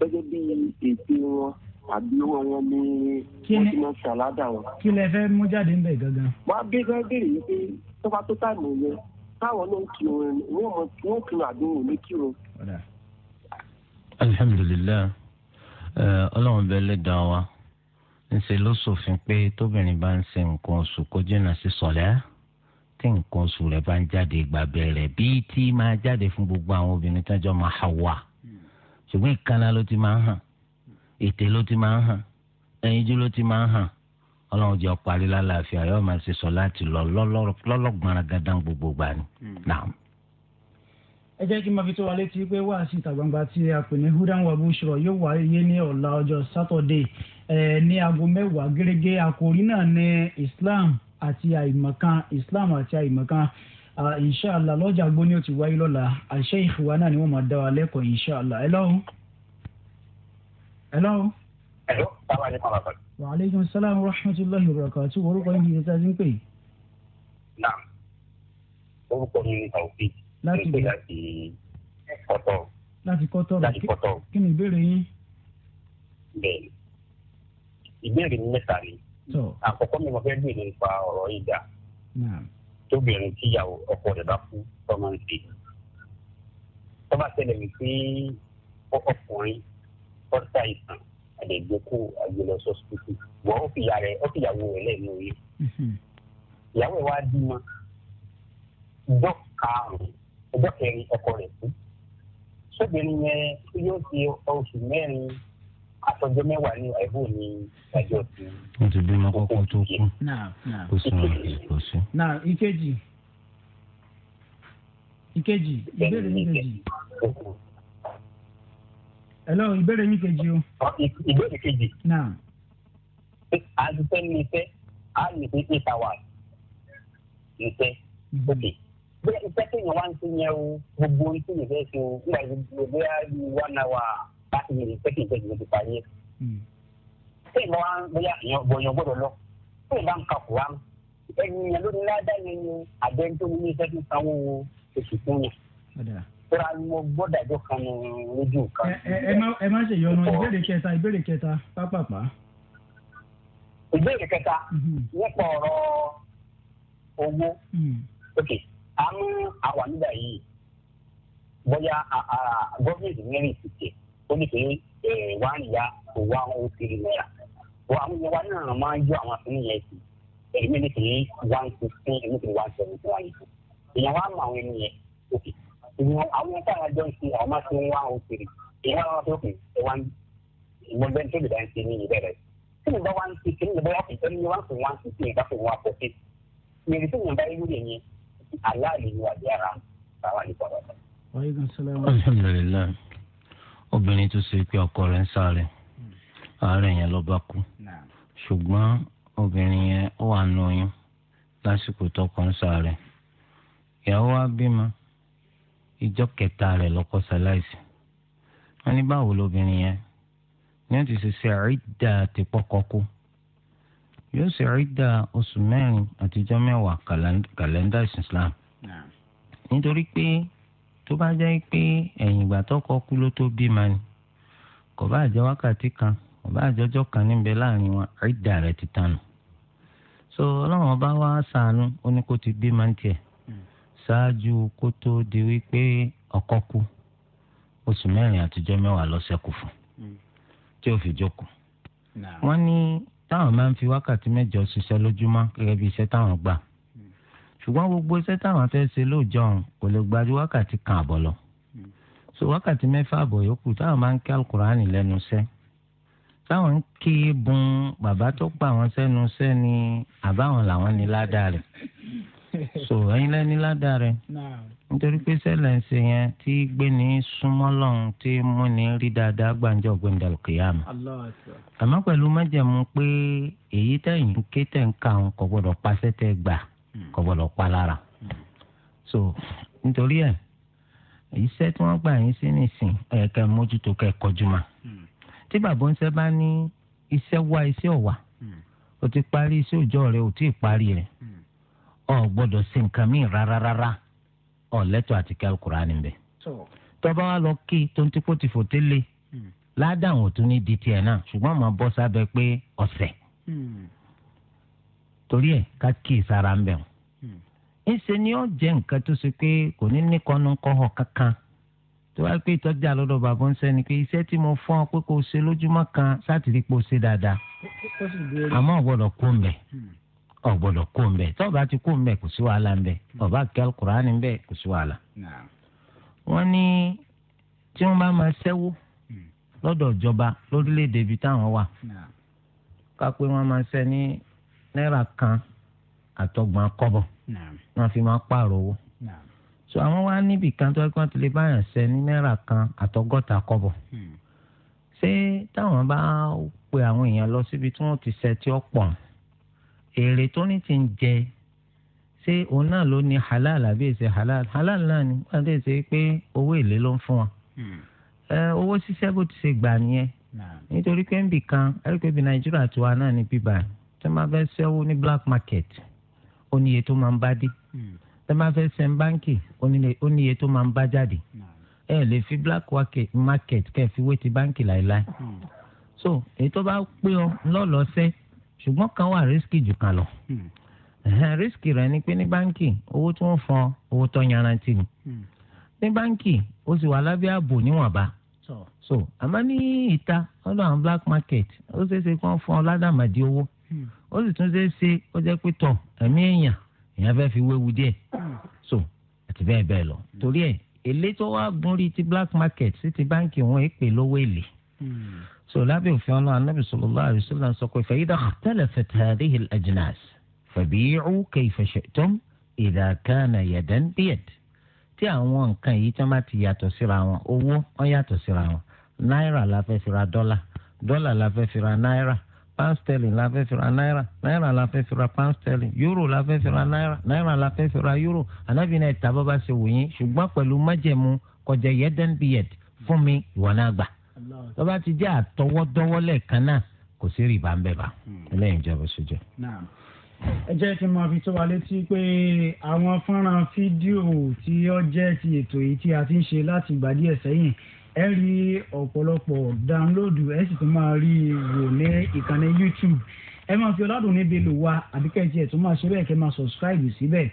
Gẹ́gẹ́ bí ète wọn àbí owó wọn ní wọ́n ti wọn. Kí lẹ fẹ́ mú jáde ń bẹ̀ gangan? Wọ́n á bí gẹ́gẹ́ bí èyí pé tó bá tó táàmù yẹn táwọn náà ń kírun wọn mọ wọn kírun àdúgbò ní kírun. alhamdulilayi ọlọ́run bẹ́ẹ̀ lè dá wa ńṣe ló ṣòfin pé tóbìnrin bá ń ṣe nǹkan oṣù kó jìnnà sí sọ̀lẹ́ tí nǹkan oṣù rẹ̀ bá ń jáde gbàgbẹ́ rẹ̀ bíi tí máa jáde fún gbogbo àwọn obìnrin tọ́jọ́ máa hà wà ṣùgbọ́n ìkànnà ló ti máa hàn ètè ló ti máa hàn ẹyinjú ló ti máa hàn ọlọ́run jẹ́ parí lálàáfíà yóò máa ṣe sọ láti lọ lọ́lọ́gbọ̀nra gàdán gbogbo gbà ni. Hmm. ẹ jẹ́ kí n máa fi tó wa létí pé wáàsí ìta gbangba tí a pè ní hudan wabu ṣùrọ̀ yóò wáyé ní ọ̀la ọjọ́ sátọ̀dé ní aago mẹ́wàá gẹ́gẹ́ àkòrí náà ní islam àti àìmọ̀kan islam àti àìmọ̀kan inṣàlá lọ́jà gbóni ó ti wáyé lọ́la àṣẹ ìfowó náà ni wọ́n máa dá wa lẹ́kọ̀ọ́ ẹ̀ló sábà ní kọ́lá sọ́dọ̀. wa aleykum salaam wa rahmatulahi wa barakatuh orúkọ yín yìí ta ti ń pè. naam orúkọ mi ni taofik láti pè láti kọ́tọ̀. láti kọ́tọ̀ láti kọ́tọ̀ kí ni ìbéèrè yín. bẹ́ẹ̀ ìbéèrè mi mẹ́ta ni àkọ́kọ́ mi mo fẹ́ bèèrè nípa ọ̀rọ̀ ìjà tóbìnrin tíyàwó ọkọ rẹ̀ bá kú tọ́mọ ń ṣe tọ́ba tẹ̀lé mi pé ọkùnrin tọ́ta àdègbèkó àgbélọsọ sùkúrù wọn ó fìyà rẹ ó fìyàwó rẹ lẹ́nu oyè mm-hmm. ìyàwó ẹ̀ wá bímọ ọjọ́ karùn-ún ọjọ́ kẹrin ọkọ rẹ̀ kú sóbìnrin yẹn tí yóò ṣe oṣù mẹ́rin àtọjọ mẹ́wàá ní ẹbú ní ìdájọ́ ti. o ti bímọ kọkọ tó kú kó sọ ìkó sí. na ìkejì ìkejì ìbéèrè ìkejì hello ìbéèrè yín kejì o. ìbéèrè kejì. náà. ní iṣẹ́ á lè fi eight hours iṣẹ́ òkè bóyá iṣẹ́ kéèyàn wá ń ti yẹn o gbogbo ohun tí yẹn fẹ́ ṣe o nígbà gbogbo bóyá bí one hour láti yẹn iṣẹ́ kéèyàn fẹ́ ti parí ẹ̀. kéèyàn mm. wá bóyá èèyàn gbọ́dọ̀ lọ kéèyàn bá ń ka kùrán ẹni yẹn ló ní ládàá yẹn ni àbẹ́ńtó ní iṣẹ́ tó sanwó oṣù fún yẹn. fúnra ni mo gbọ́dọ̀ àjọ kan ní ojú kan. ẹ má ṣe yọnu ìbéèrè kẹta ìbéèrè kẹta pápápá. ìbéèrè kẹta mm-hmm. nípa ọ̀rọ̀ owó mm. ok a mú àwa nígbà yìí bóyá gọ́ọ̀mẹ̀ntì mẹ́rin ti tẹ̀ ó ní wà á náírà máa ń yọ àwọn sí ní one one ìyẹn àwọn tá a jọ ń ṣe àwọn máa ṣe ń wá àwọn òkèrè ìyẹn wọn tó kù ẹ wá ń mo bẹ tó bìbá ń ṣe ní ìbẹ̀rẹ̀ tí mo bá wá ń ṣe kí mo bá wá pè tẹ́lẹ̀ wá ń fò wá ń ṣe kí n bá fò wá pọ̀ sí i mi rí tí mo bá irú rẹ̀ yẹn aláàlè ni wà ara báwa ní pọ̀ lọ́sọ̀. alhamdulilayi obìnrin tó ṣe pé ọkọ rẹ̀ ń sáré àárẹ̀ yẹn ló bá kú ṣùgbọ́n obìnrin yẹn ó wà nù oyún lásìkò tọkọ ń sáré ìyàwó wa bímọ ìjọ kẹta rẹ̀ lọ́kọ ṣaláìsì wọn ní báwo lobìnrin yẹn ni wọn ti ṣe ṣe àrídà ti pọkọ kú yóò ṣe àrídà oṣù mẹ́rin àtijọ́ mẹ́wàá kàlẹ́ndà Islam nítorí pé tó bá jẹ́ pé ẹ̀yìn ìgbà tọ́kọ kú ló tó bímọ ni kò bá jẹ́ wákàtí kan kò bá jọjọ́ kan níbẹ̀ láàrin wọn àrídà rẹ̀ ti tànù so ọlọ́run ọba wa ṣàánú ó ní kó ti bímọ tiẹ̀ ṣáájú kó tó di wípé ọkọ kú oṣù mẹ́rin àtijọ́ mẹ́wàá ló ṣẹ́kù fún hmm. tí ó fi jókòó. wọ́n ní táwọn máa ń fi wákàtí mẹ́jọ ṣiṣẹ́ lójúmọ́ gẹ́gẹ́ bí iṣẹ́ táwọn gbà hmm. ṣùgbọ́n gbogbo iṣẹ́ táwọn fẹ́ ṣe lóòjọ́ kò lè gba ju wákàtí kan àbọ̀ lọ hmm. so wákàtí mẹ́fà àbọ̀ yòókù táwọn máa ń kí alukurani lẹ́nu iṣẹ́ táwọn ń kí bun bàbá tó pa àwọn sẹ́nu iṣẹ́ ni àbáwọn làwọn ní ládàá rẹ̀ so ẹ̀yin lẹni ládàá rẹ nítorí pé sẹlẹ ń ṣe yẹn tí gbéni súnmọ́ lọ́hùn tí mú ni rí dáadáa gbàǹjọ gbẹndàlù kìyàmù àmọ́ pẹ̀lú májẹ̀mú pé èyí tẹ̀yìn ké tẹ̀ ń kà ń kò gbọ́dọ̀ paṣẹ tẹ gbà hmm. kò gbọ́dọ̀ pa lára hmm. so nítorí ẹ iṣẹ́ tí wọ́n gbà yín sí nìsín ẹkẹ mójútó kẹ kọjú ma hmm. tí bàbá ń sẹ bá ní iṣẹ́ wá iṣẹ́ ọwà o ti parí iṣẹ́ òòjọ́ rẹ o ti parí rẹ. ọ gbọdọ sí nǹkan míì rárá ọ lẹtọ àti kí alukurani bẹ tọba lọ kí tontipo ti fò tẹ́lẹ̀ ní di tiẹ̀ náà ṣùgbọ́n màá bọ sábẹ́ pé ọsẹ hmm. torí ẹ ká kí sara ń hmm. ni ó jẹ nǹkan tó ṣe pé kò ní ní kọ́nùkọ́họ̀ kankan tó wáá pé ìtọ́jà lọ́dọ̀ bàbá ń pé iṣẹ́ tí mo fọ́n pé kò ṣe lójúmọ́ kan sátìrí ṣe dáadáa àmọ́ ọ̀gbọ́dọ̀ kó ń bẹ̀ tó bá ti kó ń bẹ̀ kò sí wàhálà ń bẹ̀ ọba kẹ́l kuraani ń bẹ̀ kò sí wàhálà. wọ́n ní tí wọ́n bá máa ṣẹ́wó hmm. lọ́dọ̀ ìjọba lórílẹ̀ ibi táwọn wà ká pé wọ́n máa ṣẹ́ ní náírà kan àtọgbọ̀n kọ́bọ̀ wọ́n fi máa pààrọ̀ owó. so àwọn wá níbi kan tó ẹgbẹ́ tó lè báyàn ṣẹ́ ní náírà kan àtọgọ́ta kọ́bọ̀ hmm. ṣé táwọn bá pe àwọn èèyàn lọ síbi tí wọ́n ti ṣẹ́ tí ó pọ̀ èrè tó ní ti ń jẹ ṣé òun náà ló ní halal àbí èsè halal halal náà ni wọn àti èsè pé owó èlé ló ń fún wa hmm. owó ṣiṣẹ́ bó ti ṣe gbà nìyẹn nítorí pé ń bì kan ẹ̀rí nàìjíríà tiwa náà ní bíbá tó máa fẹ́ ṣẹ́wó ní black market ó ní iye tó máa ń bá dé hmm. tó máa fẹ́ ṣẹ́ ń báńkì ó ní iye tó máa ń bá jáde ẹ lè fi black market kẹ́ ẹ fi wé ti báńkì láéláé hmm. so èyí tó bá pé ọ lọ́lọ́sẹ́ ṣùgbọ́n kan wà rísíkì jù kan lọ hmm. rísíkì rẹ ni pé ní báńkì owó tí wọ́n fọn owó tó yanrantí ni hmm. ní báńkì ó sì wà lábẹ́ ààbò níwọ̀nba so àmọ́ ní ìta lọ́dọ̀ àwọn black market ó ṣeé ṣe kí wọ́n fọn ládàmàdì owó hmm. ó sì tún ṣeé ṣe ó jẹ́ pé tọ̀ ẹ̀mí èèyàn èèyàn fẹ́ fi wéwu díẹ̀ so àti bẹ́ẹ̀ bẹ́ẹ̀ lọ torí ẹ̀ èlé tó wá gún rí ti black market sí ti báńkì wọn èpè lówó èlé سولابي وفيونا النبي صلى الله عليه وسلم سقوا فإذا اختلفت هذه الأجناس فبيعوا كيف شئتم إذا كان يدا بيد tí àwọn nǹkan yìí tí wọ́n bá ti yàtọ̀ síra wọn owó wọn yàtọ̀ síra wọn náírà la fẹ́ fi ra dọ́là dọ́là la fẹ́ fi ra náírà pound sterling la fẹ́ fi ra náírà náírà la fẹ́ fi ra pound sterling euro la fẹ́ fi ra náírà náírà la fẹ́ fi ra euro anábìínà ìta bọ́ bá ṣe wò yín ṣùgbọ́n pẹ̀lú májẹ̀mú kọjá yẹ́dẹ́nbíyẹ̀d fún mi ìwọ náà gbà tó bá ti jẹ́ àtọwọ́dọ́wọ́ lẹ́ẹ̀kan náà kò sí rìbá ń bẹ̀ bá hmm. ẹlẹ́yìn ìjọba ṣojú. ẹ jẹ́ kí n máa fi tó wa létí pé àwọn fọ́nrán fídíò tí ó jẹ́ ti ètò yìí tí a ti ń ṣe láti ìgbà díẹ̀ sẹ́yìn ẹ rí ọ̀pọ̀lọpọ̀ dáńlódù ẹ sì tún máa rí wò ní ìkànnì YouTube ẹ máa fi ọlọ́dún níbi lò wá àbíkẹ́jì ẹ̀ tó máa ṣe bẹ́ẹ̀ kẹ́ máa subscribe síbẹ̀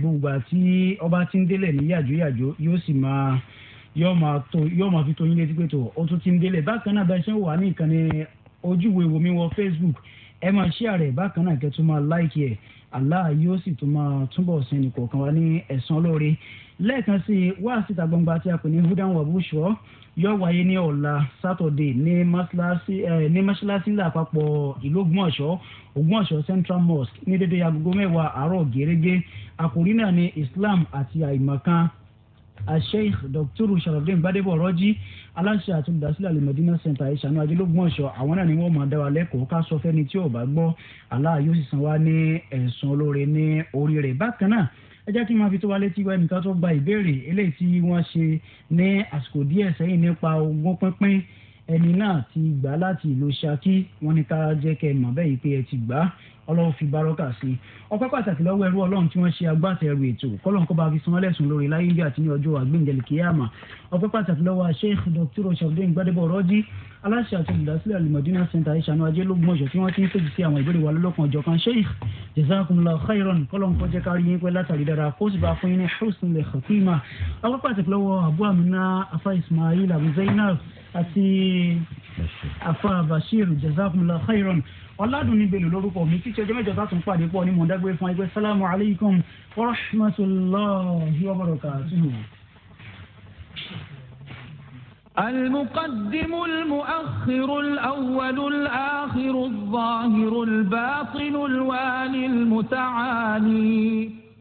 gbogbo àti ọba tí ń délẹ̀ ní yàjóyàjó yóò sì máa yóò máa fi tó yín létí pé tó o tún ti ń délẹ̀ bákan náà bẹ́ẹ̀ ṣe ń wà ní ìkànnì ojú wo mi wọ Facebook ẹ máa share rẹ̀ bákan náà kẹ́ tún máa like ẹ̀ Allah yóò sì tún máa túbọ̀ sin ní kọ̀ọ̀kan wa ní ẹ̀san lóore lẹ́ẹ̀kan sí wá síta gbangba tí a pè ní hudan wabushọ yóò wáyé ní ọ̀la sátọ̀dé ní mọ́ṣáláṣí lápapọ̀ ìlú ògbómọ̀ṣọ́ ògbómọ̀ṣọ́ central mosque ní dédé agogo mẹ́wàá àárọ̀ gẹ́gẹ́ àkòrí náà ní Islam àti àìmọ̀kan asheikh dr sharafdin gbadebo ọrọjí aláṣẹ àti olùdásílẹ̀ alimọdínà center ìṣànú ajẹlógún ọ̀ṣọ́ àwọn náà ni wọ́n máa dá wa lẹ́kọ̀ọ́ ká sọ fẹ́ni tí ò bá gbọ́ aláà yóò sì san wá ní ẹ̀sùn olóore ní orí rẹ̀ bákan náà ẹ jẹ́ kí n máa fi tó wa létí wá ẹnìkan tó gba ìbéèrè eléyìí tí wọ́n ṣe ní àsìkò díẹ̀ sẹ́yìn nípa ogún pínpín ẹni náà ti gbà láti ìlú Ṣakí wọ́n ní ká jẹ́ kẹ́ mọ̀ bẹ́ẹ̀ yìí pé ẹ ti gbà ọlọ́run fi barọ́kà sí i ọpẹ́ pàtàkì lọ́wọ́ ẹrú ọlọ́run tí wọ́n ṣe agbátẹrù ètò kọ́lọ́n kó bá fi san wọ́n lẹ́sùn lórí láyé bí àti ní ọjọ́ àgbéǹdẹ̀lì kíyàmà ọpẹ́ pàtàkì lọ́wọ́ sheikh dr shabdin gbadebo rọ́jí aláṣẹ àti olùdásílẹ̀ alimọ̀dínà center ìṣànú ajé lógún ọ̀ṣọ́ tí wọ́n ti ń fèjì sí àwọn ìbéèrè wa lọ́lọ́kan ọjọ́ kan sheikh jazakumullahu khairan kọ́lọ́n kó jẹ́ kárí yín pẹ́ látàrí dára kó sì bá fún yín ní husnul khatima ọpẹ́ pàtàkì lọ́wọ́ abu amina afa ismail abu zainab àti afa bashir jazakumullahu khairan ọ̀làdùnní belò lórúkọ mi títí ọjọ́ mẹ́jọ tààtún pàdé pọ̀ ní mọ̀ọ́dágbé fún ẹgbẹ́ sálámù aleykum wa rahmatulahi wa barakatuhu. المقدم المؤخر الأول الآخر الظاهر الباطن الوالي المتعالي